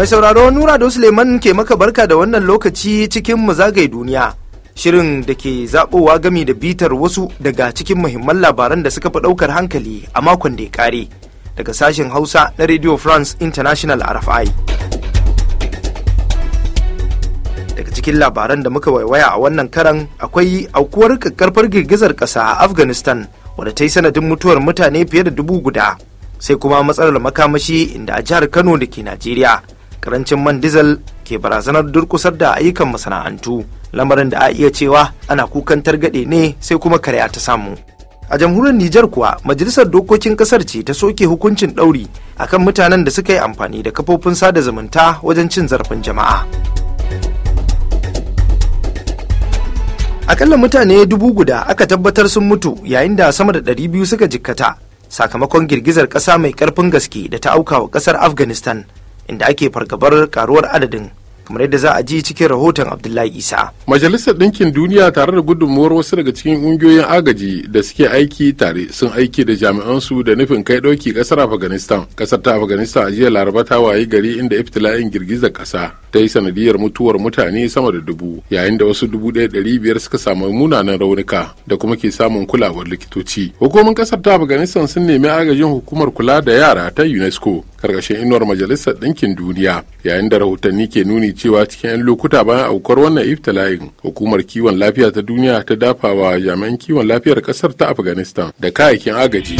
Mai sauraro Nura da Suleiman ke maka barka da wannan lokaci cikin mazagai duniya. Shirin da ke zaɓowa gami da bitar wasu daga cikin muhimman labaran da suka fi ɗaukar hankali a makon da ya ƙare. Daga sashen Hausa na Radio France International RFI. Daga cikin labaran da muka waiwaya a wannan karan akwai aukuwar kakkarfar girgizar ƙasa a Afghanistan wadda ta yi sanadin mutuwar mutane fiye da dubu guda. Sai kuma matsalar makamashi inda a jihar Kano da ke Najeriya karancin man diesel ke barazanar durkusar da ayyukan masana'antu lamarin da a iya cewa ana kukan targaɗe ne sai kuma karya ta samu a jamhuriyar Nijar kuwa majalisar dokokin kasar ce ta soke hukuncin ɗauri akan mutanen da suka yi amfani da kafofin sada zumunta wajen cin zarafin jama'a. Akalla mutane dubu guda aka tabbatar sun mutu yayin da sama da ɗari biyu suka jikkata sakamakon girgizar ƙasa mai ƙarfin gaske da ta auka wa ƙasar Afghanistan inda ake fargabar karuwar adadin kamar yadda za a ji cikin rahoton abdullahi isa majalisar ɗinkin duniya tare da gudunmuwar wasu daga cikin ƙungiyoyin agaji da suke aiki tare sun aiki da jami'ansu da nufin kai ɗauki ƙasar afghanistan ƙasar ta afghanistan a jiya laraba ta waye gari inda iftila'in girgizar ƙasa ta yi sanadiyar mutuwar mutane sama da dubu yayin da wasu dubu ɗaya ɗari biyar suka samu munanan raunuka da kuma ke samun kulawar likitoci hukumomin ƙasar ta afghanistan sun nemi agajin hukumar kula da yara ta unesco karkashin inuwar majalisar ɗinkin duniya yayin da rahotanni ke nuni cewa cikin 'yan lokuta bayan aukuwar wannan iftila'in hukumar kiwon lafiya ta duniya ta dafa wa jami'an kiwon lafiyar kasar ta afghanistan da kayayyakin agaji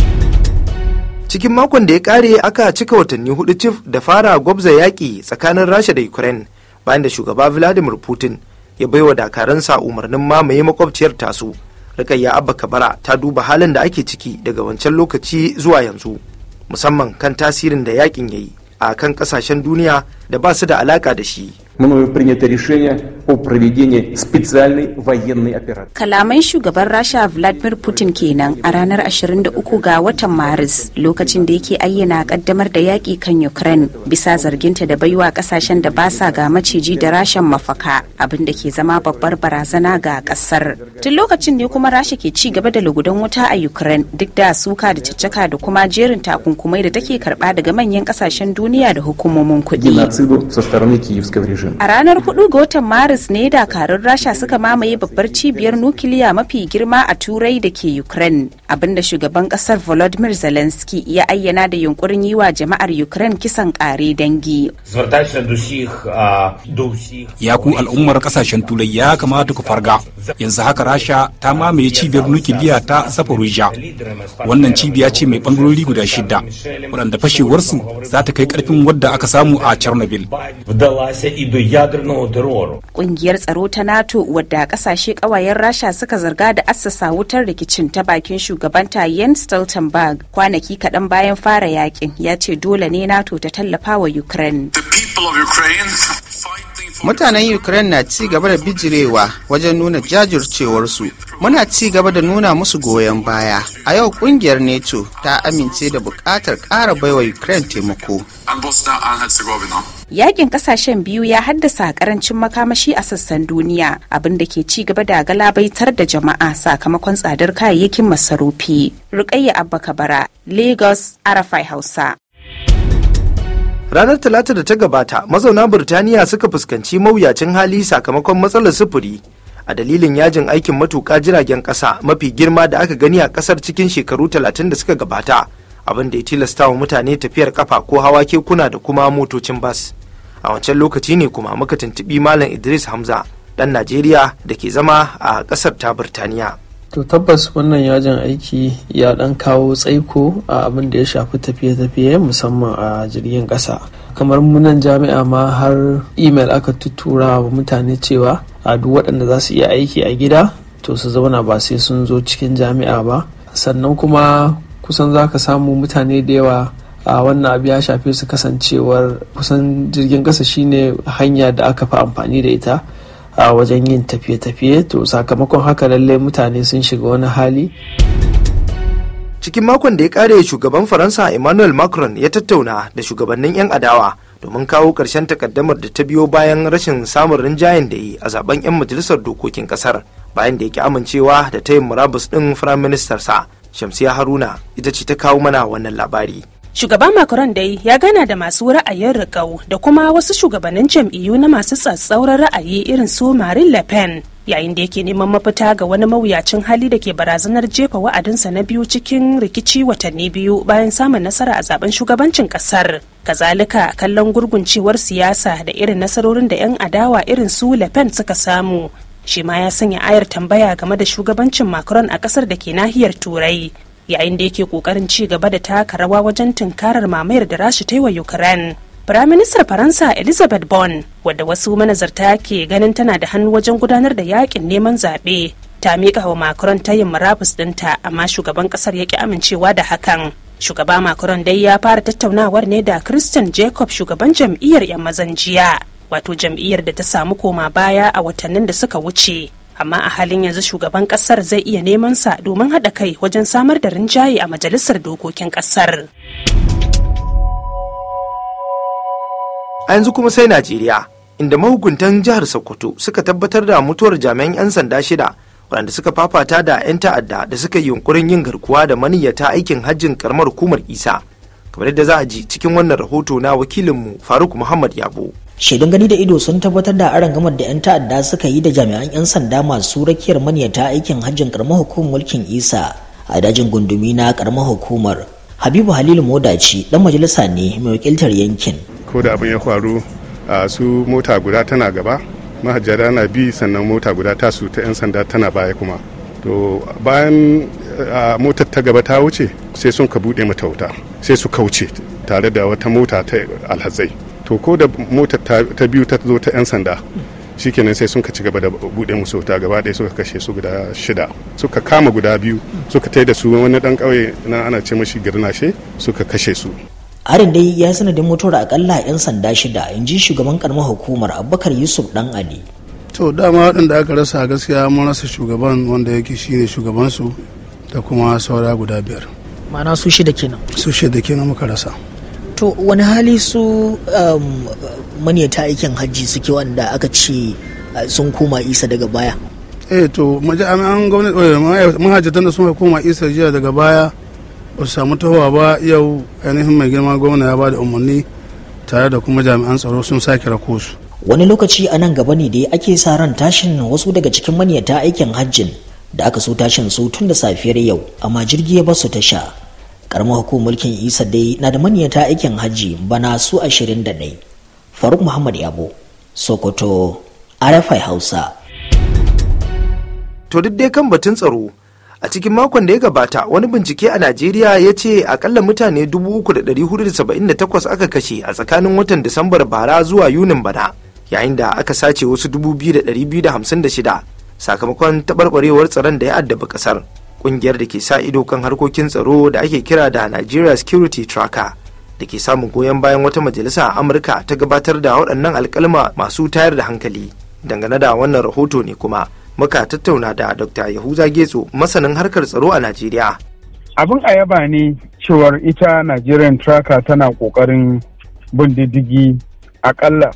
cikin makon da ya kare aka cika watanni hudu cif da fara gwabza yaƙi tsakanin rasha da ukraine bayan da shugaba vladimir putin ya bai wa dakaransa umarnin mamaye makwabciyar tasu rikayya abba kabara ta duba halin da ake ciki daga wancan lokaci zuwa yanzu musamman kan tasirin da yakin ya yi a kan kasashen duniya da ba su da alaƙa da shi мною принято решение ko специальной военной операции. Kalaman shugaban Rasha Vladimir Putin kenan a ranar 23 ga watan Maris lokacin da yake ayyana kaddamar da yaƙi kan Ukraine bisa zarginta da baiwa kasashen da ba sa ga maciji da rashen mafaka abin da ke zama babbar barazana ga kasar. Tun lokacin ne kuma Rasha ke ci gaba da lugudan wuta a Ukraine duk da suka da caccaka da kuma jerin takunkumai da take karba daga manyan kasashen duniya da hukumomin kuɗi. A ranar 4 ga watan Maris maris ne dakarun rasha suka mamaye babbar cibiyar nukiliya mafi girma a turai da ke ukraine abinda shugaban kasar volodymyr zelensky ya ayyana da yunkurin yi wa jama'ar ukraine kisan kare dangi ya ku al'ummar kasashen turai ya kamata ku farga yanzu haka rasha ta mamaye cibiyar nukiliya ta zaporozhia wannan cibiya ce mai bangarori guda shida waɗanda fashewarsu za ta kai karfin wadda aka samu a chernobyl kungiyar tsaro ta nato wadda kasashe kawayen rasha suka zarga da assasa wutar rikicin ta bakin shugabanta jens stoltenberg kwanaki kaɗan bayan fara yakin ya ce dole ne nato ta tallafa wa ukraine mutanen ukraine na ci gaba da bijirewa wajen nuna jajircewar su muna ci gaba da nuna musu goyon baya a yau kungiyar nato ta amince da buƙatar ƙara baiwa ukraine taimako yakin kasashen biyu ya haddasa karancin makamashi a sassan duniya abin da ke ci gaba da galabaitar da jama'a sakamakon tsadar kayayyakin masarufi rukayya abba kabara lagos arafai hausa ranar talata da ta gabata mazauna birtaniya suka fuskanci mawuyacin hali sakamakon matsalar sufuri a dalilin yajin aikin matuƙa jiragen ƙasa mafi girma da aka gani a ƙasar cikin shekaru talatin da suka gabata abin da ya tilasta wa mutane tafiyar kafa ko hawa kekuna da kuma motocin bas a wancan lokaci ne kuma muka tuntuɓi malam idris hamza ɗan najeriya da ke zama a ƙasar ta birtaniya to tabbas wannan yajin aiki ya ɗan kawo tsaiko a abin da ya shafi tafiye-tafiye musamman a jirgin ƙasa kamar munan jami'a ma har imel aka tuttura wa mutane cewa a duk waɗanda za su iya aiki a gida to su zauna ba sai sun zo cikin jami'a ba sannan kuma kusan za ka samu mutane da yawa a wannan abu ya shafi su kasancewar kusan jirgin kasa shine hanya da aka fi amfani da ita a wajen yin tafiye-tafiye to sakamakon haka lallai mutane sun shiga wani hali cikin makon da ya kare shugaban faransa emmanuel macron ya tattauna da shugabannin 'yan adawa domin kawo ƙarshen takaddamar da ta biyo bayan rashin samun rinjayen da yi a zaben 'yan majalisar dokokin kasar bayan da yake amincewa da ta yin murabus ɗin firaministarsa shamsiya haruna ita ce ta kawo mana wannan labari Shugaban Macron dai ya gana da masu ra'ayin rikau da kuma wasu shugabannin jam'iyyu na masu tsatsauran ra'ayi irin su Marine Le Pen yayin da yake neman mafita ga wani mawuyacin hali da ke barazanar jefa wa'adinsa na biyu cikin rikici watanni biyu bayan samun nasara a zaben shugabancin kasar. Kazalika kallon gurguncewar siyasa da irin nasarorin da 'yan adawa irin su Le Pen suka samu shi ma ya sanya ayar tambaya game da shugabancin Macron a kasar da ke nahiyar Turai yayin da yake kokarin ci gaba da taka rawa wajen tunkarar mamayar da rashi ta yi wa ukraine firaministar faransa elizabeth bon wadda wasu manazarta ke ganin tana da hannu wajen gudanar da yakin neman zaɓe ta miƙa wa macron ta yin murabus ɗinta amma shugaban ƙasar ya ƙi amincewa da hakan shugaba macron dai ya fara tattaunawar ne da christian jacob shugaban jam'iyyar 'yan mazan jiya wato jam'iyyar da ta samu koma baya a watannin da suka wuce amma a halin yanzu shugaban kasar zai iya neman sa domin haɗa kai wajen samar da rinjaye a majalisar dokokin kasar. A yanzu kuma sai Najeriya, inda mahukuntan jihar Sokoto suka tabbatar da mutuwar jami'an 'yan sanda shida waɗanda suka fafata da 'yan ta'adda da suka yi yunkurin yin garkuwa da maniyyata aikin hajjin karamar hukumar isa kamar yadda za a ji cikin wannan rahoto na wakilinmu faruk muhammad yabo shaidun gani da ido sun tabbatar da aron gamar da 'yan ta'adda suka yi da jami'an 'yan sanda masu rakiyar manyata aikin hajjin karamar hukumar mulkin isa a dajin gundumi na karamar hukumar habibu halilu modaci dan majalisa ne mai wakiltar yankin ko da abin ya faru a su mota guda tana gaba mahajjada na bi sannan mota guda ta su ta 'yan sanda tana baya kuma to bayan motar ta gaba ta wuce sai sun ka buɗe mata wuta sai su kauce tare da wata mota ta alhazai to ko da motar ta biyu ta zo ta 'yan sanda shikenan sai sun ka ci gaba da bude musu wuta gaba ɗaya suka kashe su guda shida suka kama guda biyu suka tai da su wani dan ƙauye na ana ce mashi girnashe suka kashe su harin dai ya sanadin motar akalla 'yan sanda shida in ji shugaban karamar hukumar abubakar yusuf dan ali to dama waɗanda aka rasa gaskiya mun rasa shugaban wanda yake shine shugabansu da kuma saura guda biyar ma'ana su shida kenan su shida kenan muka rasa to wani hali su um, manyata aikin hajji suke wanda aka ce uh, sun koma isa daga baya eh to majami'an gwamnati eh, mahajjatan da sun koma isa jiya daga baya ba su samu tahowa ba yau ainihin mai girma gwamna ya ba da umarni tare da kuma jami'an tsaro sun sake rako su wani lokaci a nan gaba ne da ake sa ran tashin wasu daga cikin manyata aikin hajjin da aka so tashin su tun da safiyar yau amma jirgi ya basu tasha karamar hukumar mulkin isa dai na da ta aikin hajji bana su ashirin 21 faruk muhammad yabo sokoto rfi hausa to duk dai kan batun tsaro a cikin makon da ya gabata wani bincike a najeriya ya ce akalla mutane 3,478 aka kashe a tsakanin watan disambar bara zuwa yunin bana yayin da aka sace wasu 2,256 sakamakon taɓarɓarewar tsaron da ya addabi ƙasar kungiyar da ke sa ido kan harkokin tsaro da ake kira da Nigeria Security Tracker da ke samun goyon bayan wata majalisa a Amurka ta gabatar da waɗannan alkalma masu tayar da hankali. Dangane da wannan rahoto ne kuma muka tattauna da Dr. Yahuza Getso masanin harkar tsaro a Najeriya. Abin a yaba ne cewar ita Nigerian Tracker tana ƙoƙarin bin diddigi akalla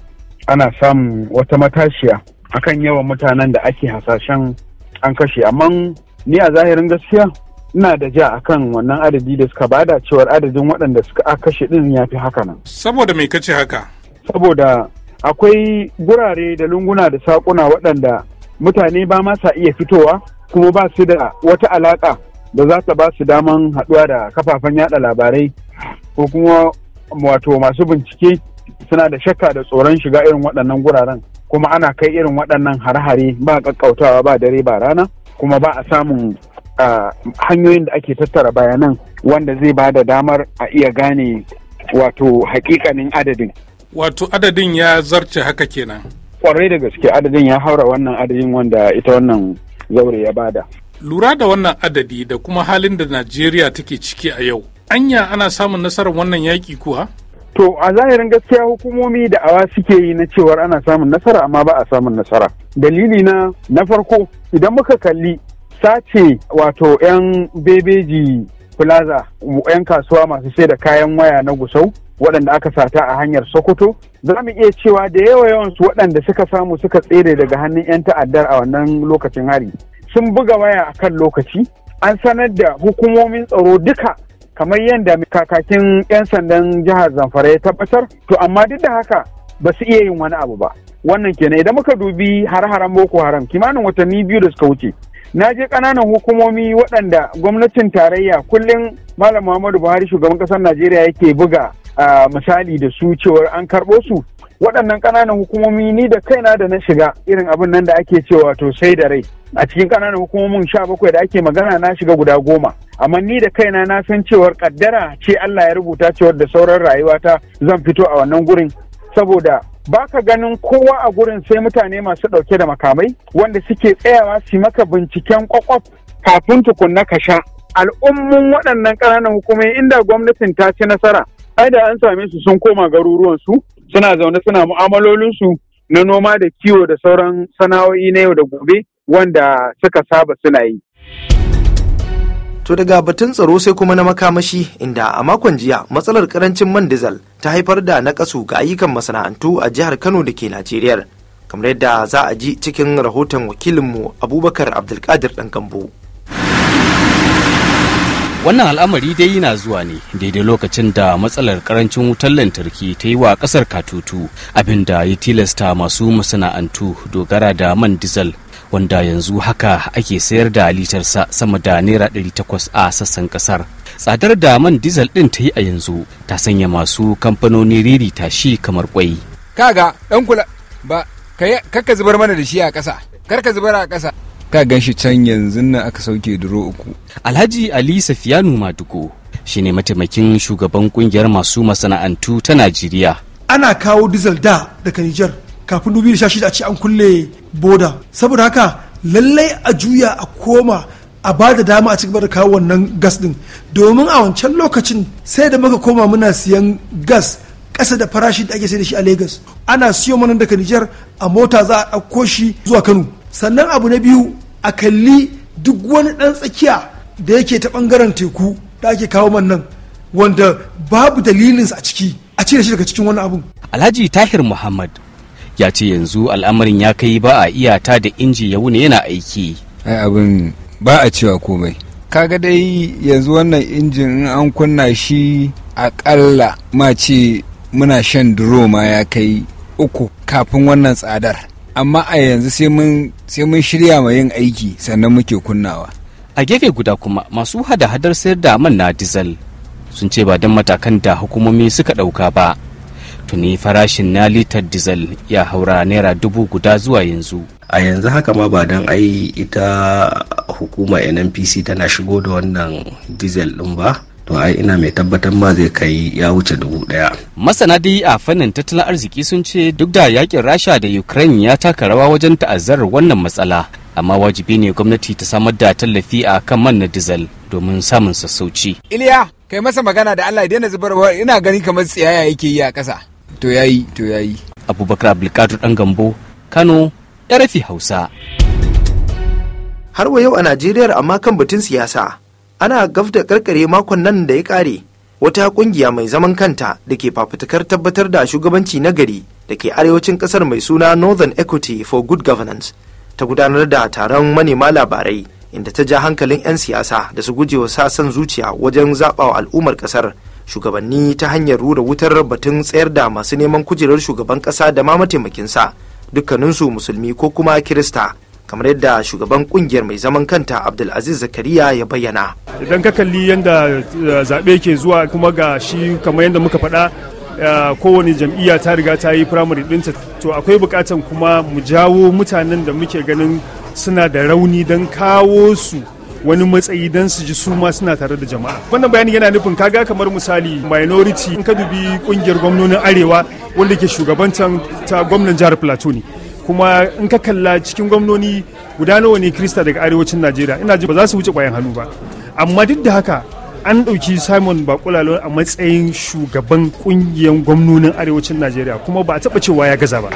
ana samun wata matashiya akan yawan mutanen da ake hasashen an kashe amma ni a zahirin gaskiya ina da ja a kan wannan adadi da suka bada cewar adadin waɗanda suka a kashe ɗin ya fi haka nan. Saboda mai kace haka? Saboda akwai gurare da lunguna da saƙuna waɗanda mutane ba ma sa iya fitowa kuma ba su da wata alaƙa da za ta ba su daman haɗuwa da kafafen yaɗa labarai ko kuma wato masu bincike suna da shakka da tsoron shiga irin waɗannan guraren kuma ana kai irin waɗannan hare-hare ba ƙaƙƙautawa ba dare ba rana. kuma ba a samun hanyoyin da ake tattara bayanan wanda zai ba da damar a iya gane wato hakikanin adadin wato adadin ya zarce haka kenan kwarai da gaske adadin ya haura wannan adadin wanda ita wannan zaure ya bada lura da wannan adadi da kuma halin da najeriya take ciki a yau anya ana samun nasarar wannan yaƙi kuwa To a zahirin gaskiya hukumomi da awa suke yi na cewar ana samun nasara amma ba a samun nasara. Dalili na na farko idan muka kalli sace wato 'yan bebeji plaza 'yan kasuwa masu sai da kayan waya na gusau waɗanda aka sata a hanyar sokoto za mu iya cewa da yawa yawan su waɗanda suka samu suka tsere daga hannun 'yan ta'addar a wannan lokacin hari sun buga waya a kan lokaci an sanar da hukumomin tsaro duka kamar yadda kakakin 'yan sandan jihar zamfara ya tabbatar to amma duk da haka ba su iya yin wani abu ba wannan kenan idan muka dubi har-haren boko haram kimanin watanni biyu da suka wuce na je ƙananan hukumomi waɗanda gwamnatin tarayya kullum malam muhammadu buhari shugaban ƙasar najeriya yake buga ah, misali da su cewar an karɓo su waɗannan ƙananan hukumomi ni da kaina da na shiga irin abin nan da ake cewa to sai da rai a cikin ƙananan hukumomin sha bakwai da ake magana na shiga guda goma amma ni da kaina na san cewar ƙaddara ce Allah ya rubuta cewar da sauran rayuwata zan fito a wannan gurin saboda baka ganin kowa a gurin sai mutane masu ɗauke da makamai wanda suke tsayawa su maka binciken kwakwaf kafin tukunna ka sha al'ummun waɗannan ƙananan hukumai inda gwamnatin ta ci nasara ai da an same su sun koma garuruwansu suna zaune suna mu'amalolinsu na noma da kiwo da sauran sana'o'i na yau da gobe wanda suka saba suna yi. To daga batun tsaro sai kuma na makamashi inda a makon jiya matsalar karancin man dizal ta haifar da nakasu ga ayyukan masana'antu a jihar Kano da ke Najeriya. Kamar yadda za a ji cikin rahoton wakilinmu Abubakar Abdulkadir Ɗan wannan al'amari dai yana zuwa ne daidai lokacin da matsalar karancin wutar lantarki ta yi wa kasar katutu abinda ya tilasta masu masana'antu dogara da man diesel wanda yanzu haka ake sayar da litarsa sama da naira 800 a sassan kasar tsadar da man diesel ɗin ta yi a yanzu ta sanya masu kamfanoni riri tashi kamar kwai kaga ɗan kula ba ka zubar mana da shi a ƙasa kar ka zubar a ƙasa ka gan shi can yanzu nan aka sauke duro uku alhaji ali safiyanu maduko ne mataimakin shugaban kungiyar masu masana'antu ta najeriya ana kawo diesel da daga nijar kafin 2016 a ce an kulle boda saboda haka lallai a juya a koma a ba da dama a cigaba da kawo wannan gas din domin a wancan lokacin sai da muka koma muna siyan gas ƙasa da farashi da ake sai da shi a Legas ana siyo mana daga Nijar a mota za a ɗauko shi zuwa Kano sannan abu na biyu a kalli duk wani ɗan tsakiya da yake ta ɓangaren teku da ake kawo man nan wanda babu dalilinsa a ciki a cire shi daga cikin wani abu. Alhaji Tahir Muhammad ya ce yanzu al'amarin ya kai ba a iya da inji ya wuni yana aiki. Ai abin ba a cewa komai. Kaga dai yanzu wannan injin in an kunna shi aƙalla ma ce muna shan duro ma ya kai uku kafin wannan tsadar. amma a yanzu sai mun shirya ma yin aiki sannan muke kunnawa a gefe guda kuma masu hada-hadar sayar da man na dizal sun ce ba don matakan da hukumomi suka ɗauka ba tuni farashin na litar dizal ya haura naira dubu guda zuwa yanzu a yanzu haka ma ba don ai ita hukuma nnpc tana shigo da wannan dizal din ba to ai ina mai tabbatar ma zai kai ya wuce dubu daya. Masana dai a fannin tattalin arziki sun ce duk da yakin Rasha da Ukraine ya taka rawa wajen ta'azzarar wannan matsala, amma wajibi ne gwamnati ta samar da tallafi a kan man na dizal domin samun sassauci. Iliya, kai masa magana da Allah ya daina zubarwa ina gani kamar tsiyaya yake yi a ƙasa. To yayi, to yayi. Abubakar Abdulkadir Dan Gambo, Kano, ya rafi Hausa. Har wa yau a Najeriya amma kan batun siyasa. ana gafta da karkare makon nan da ya kare wata kungiya mai zaman kanta da ke fafutukar tabbatar da shugabanci na gari da ke arewacin kasar mai suna northern equity for good governance ta gudanar da taron manema labarai inda ta ja hankalin 'yan siyasa da su gujewa sasan zuciya wajen zaɓawa al'ummar kasar shugabanni ta hanyar rura wutar batun tsayar da masu neman kujerar shugaban ƙasa da ma mataimakinsa dukkaninsu musulmi ko kuma kirista kamar yadda shugaban kungiyar mai zaman kanta abdulaziz zakariya ya bayyana idan ka kalli yadda eh, zaɓe ke zuwa kuma ga shi kamar yadda muka faɗa eh, kowane jam'iyya ta riga ta yi firamare ɗinta to akwai buƙatan kuma mu jawo mutanen da muke ganin suna da rauni don kawo su wani matsayi don su ji su ma suna tare da jama'a wannan bayani yana nufin kaga kamar misali minority in ka dubi kungiyar gwamnonin arewa wanda ke shugabantan ta gwamnan jihar plateau ne kuma in ka kalla cikin gwamnoni guda nawa ne krista daga arewacin najeriya ina ji ba za su wuce kwayan hannu ba amma duk da haka an ɗauki simon bakula a matsayin shugaban ƙungiyar gwamnonin arewacin najeriya kuma ba a taɓa cewa ya gaza ba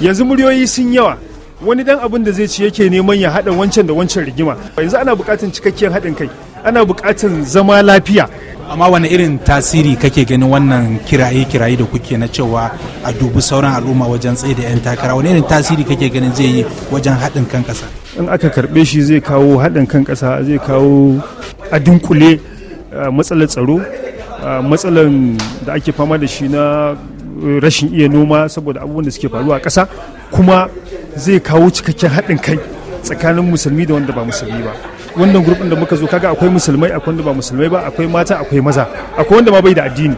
yanzu muryoyi sun yawa wani dan abin da zai ci yake neman ya haɗa wancan da wancan rigima yanzu ana buƙatar cikakkiyar haɗin kai ana buƙatar zama lafiya amma wani irin tasiri kake ganin wannan kiraye kiraye da kuke na cewa a dubi sauran al'umma wajen tsaye da 'yan takara wani irin tasiri kake ganin zai yi wajen haɗin kan ƙasa in aka karɓe shi zai kawo haɗin kan ƙasa zai kawo adinkule dunkule eh, matsalar tsaro eh, matsalar da ake fama da shi na eh, rashin iya noma saboda abubuwan da suke faruwa a ƙasa kuma zai kawo cikakken haɗin kai tsakanin musulmi da wanda ba musulmi ba wannan gurbin da muka zo kaga akwai musulmai akwai wanda ba musulmai ba akwai mata akwai maza akwai wanda ma bai da addini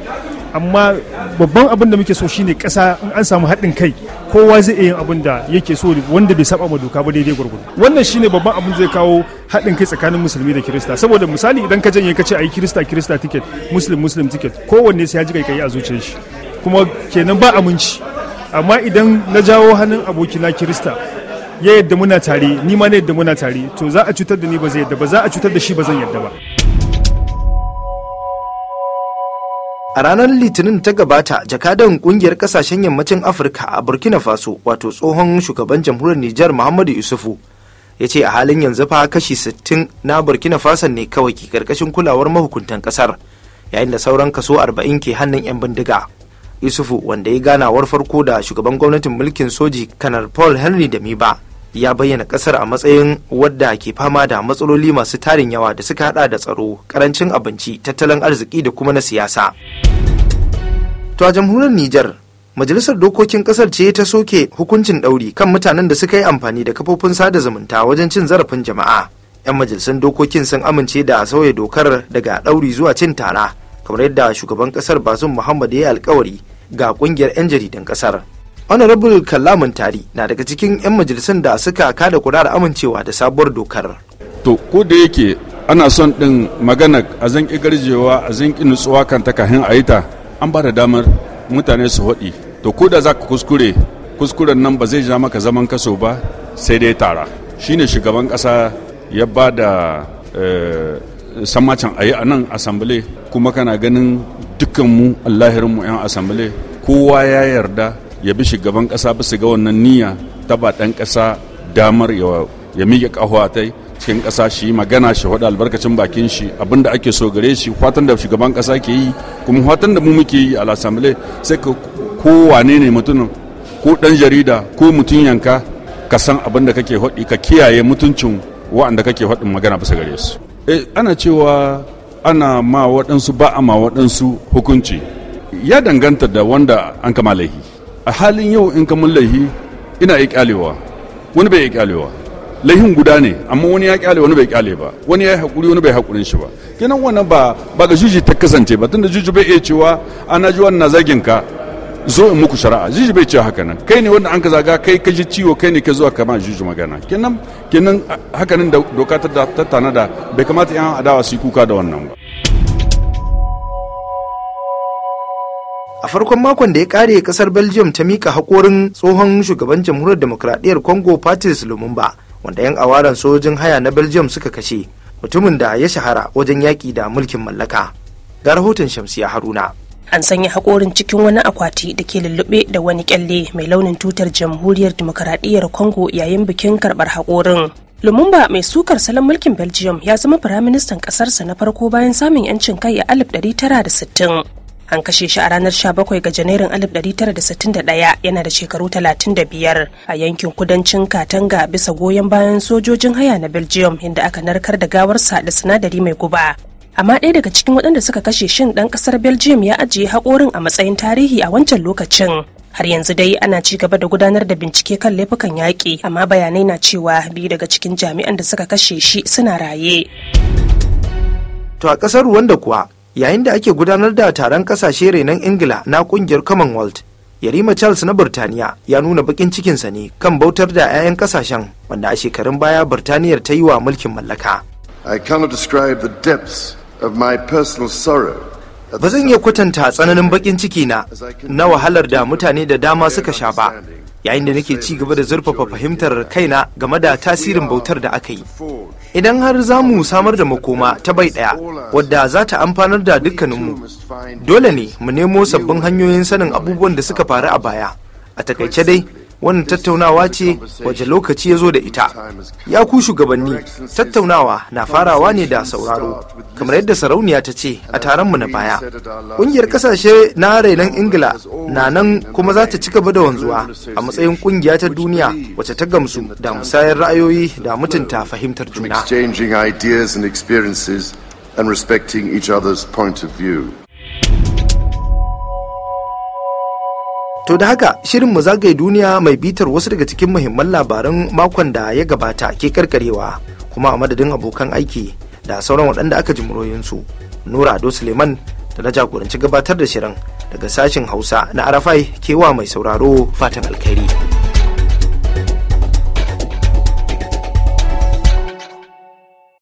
amma babban abin da muke so shine kasa in an samu haɗin kai kowa zai iya yin abin da yake so wanda bai saba ma doka ba daidai gwargwado wannan shine babban abin zai kawo haɗin kai tsakanin musulmi da kirista saboda misali idan ka janye ka ce ayi kirista kirista ticket muslim muslim ticket kowanne sai ya ji kai a zuciyar shi kuma kenan ba aminci amma idan na jawo hannun abokina kirista ya yadda muna tare ni ma na yadda muna tare to za a cutar da ni ba zai yadda ba za a cutar da shi ba zan yadda ba A ranar Litinin ta gabata, jakadan kungiyar kasashen yammacin Afirka a Burkina Faso, wato tsohon shugaban jamhuriyar Nijar Muhammadu Yusufu, ya ce a halin yanzu fa kashi 60 na Burkina Faso ne kawai ke karkashin kulawar mahukuntan kasar, yayin da sauran kaso 40 ke hannun 'yan bindiga. Yusufu, wanda ya ganawar farko da shugaban gwamnatin mulkin soji Kanar Paul Henry da Miba, ya bayyana kasar a matsayin wadda ke fama da matsaloli masu tarin yawa da suka hada da tsaro karancin abinci tattalin arziki da kuma na siyasa to a jamhuriyar niger majalisar dokokin kasar ce ta soke hukuncin dauri kan mutanen da suka yi amfani da kafofin sada zumunta wajen cin zarafin jama'a 'yan majalisun dokokin sun amince da sauya dokar daga dauri zuwa cin tara kamar yadda shugaban kasar bazum muhammad ya yi alkawari ga kungiyar 'yan jaridan kasar honorable kallaman tari na daga cikin 'yan majalisun da suka kada da amincewa da sabuwar dokar to ko da yake ana son ɗin magana a zanki garjewa a zanki nutsuwa kan takahin a an ba da damar mutane su haɗi to ko da za ka kuskure kuskuren nan ba zai ja maka zaman kaso ba sai dai tara shine shugaban ƙasa ya ba da eh, sammacin a yi a nan asambile kuma kana ganin dukkanmu allahirinmu 'yan asambile kowa ya yarda ya bi shugaban kasa bisa ga wannan niyya ta ba ɗan ƙasa damar ya miƙe ƙahuwatai cikin kasa shi magana shi faɗa albarkacin bakin shi abinda ake so gare shi fatan da shugaban ƙasa ke yi kuma fatan da mu muke yi a lasamile sai ka kowane ne mutumin ko ɗan jarida ko mutum yanka ka san abin da kake haɗi ka kiyaye mutuncin wa'anda kake haɗin magana bisa gare su eh, ana cewa ana ma waɗansu ba a ma waɗansu hukunci ya danganta da wanda an kama laifi a halin yau in ka mun laihi ina iya kyalewa wani bai iya kyalewa laihin guda ne amma wani ya kyale wani bai kyale ba wani ya yi hakuri wani bai hakurin shi ba kenan wannan ba ba ga juji ta kasance ba tunda juji bai iya cewa ana ji wannan zagin ka zo in muku shari'a juji bai cewa haka nan kai ne wanda an ka zaga kai ka ji ciwo kai ne ka zuwa kama juji magana kenan kenan haka nan da doka ta tana da bai kamata yan adawa su yi kuka da wannan ba a farkon makon da ya kare kasar belgium ta mika hakorin tsohon shugaban jamhuriyar demokradiyyar congo patrice lumumba wanda 'yan awaran sojin haya na belgium suka kashe mutumin da ya shahara wajen yaki da mulkin mallaka ga rahoton shamsiya haruna an sanya haƙorin cikin wani akwati da ke lullube da wani kyalle mai launin tutar jamhuriyar demokradiyyar congo yayin bikin karɓar haƙorin Lumumba mai sukar salon mulkin Belgium ya zama firaministan ƙasarsa na farko bayan samun 'yancin kai a 1960. an kashe shi a ranar 17 ga janairun 1961 yana da shekaru 35 a yankin kudancin katanga bisa goyon bayan sojojin haya na belgium inda aka narkar da gawarsa da sinadari mai guba amma ɗaya daga cikin waɗanda suka kashe shin ɗan ƙasar belgium ya ajiye haƙorin a matsayin tarihi a wancan lokacin har yanzu dai ana ci gaba da gudanar da bincike kan laifukan yaƙi amma bayanai na cewa biyu daga cikin jami'an da suka kashe shi suna raye to a ƙasar da kuwa yayin da ake gudanar da taron kasashe renon ingila na kungiyar commonwealth yarima charles na birtaniya ya nuna bakin cikinsa ne kan bautar da 'ya'yan kasashen wanda a shekarun baya birtaniyar ta yi wa mulkin mallaka i cannot describe the depths of my personal sorrow ba zan iya kwatanta tsananin bakin ciki na na wahalar da mutane da dama suka sha ba yayin da nake ci gaba da zurfafa fahimtar kaina game da tasirin bautar da aka yi idan har za mu samar da makoma ta bai ɗaya wadda za ta amfanar da dukkaninmu dole ne mu nemo sabbin hanyoyin sanin abubuwan da suka faru a baya a takaice dai wannan tattaunawa ce wace lokaci ya zo da ita ya ku shugabanni tattaunawa na farawa ne da sauraro kamar yadda sarauniya ta ce a taron mu na baya ƙungiyar ƙasashe na rainon ingila na nan kuma za ta ci gaba da wanzuwa a matsayin ƙungiya ta duniya wace ta gamsu da musayar ra'ayoyi da mutunta fahimtar juna and respecting each other's point of view. To da haka shirin mu zagaye duniya mai bitar wasu daga cikin muhimman labaran makon da ya gabata ke karkarewa kuma a madadin abokan aiki da sauran waɗanda aka ji muroyinsu. Nura Ado Suleiman da na jagoranci gabatar da shirin daga sashen Hausa na Arafai kewa mai sauraro fatan alkhairi.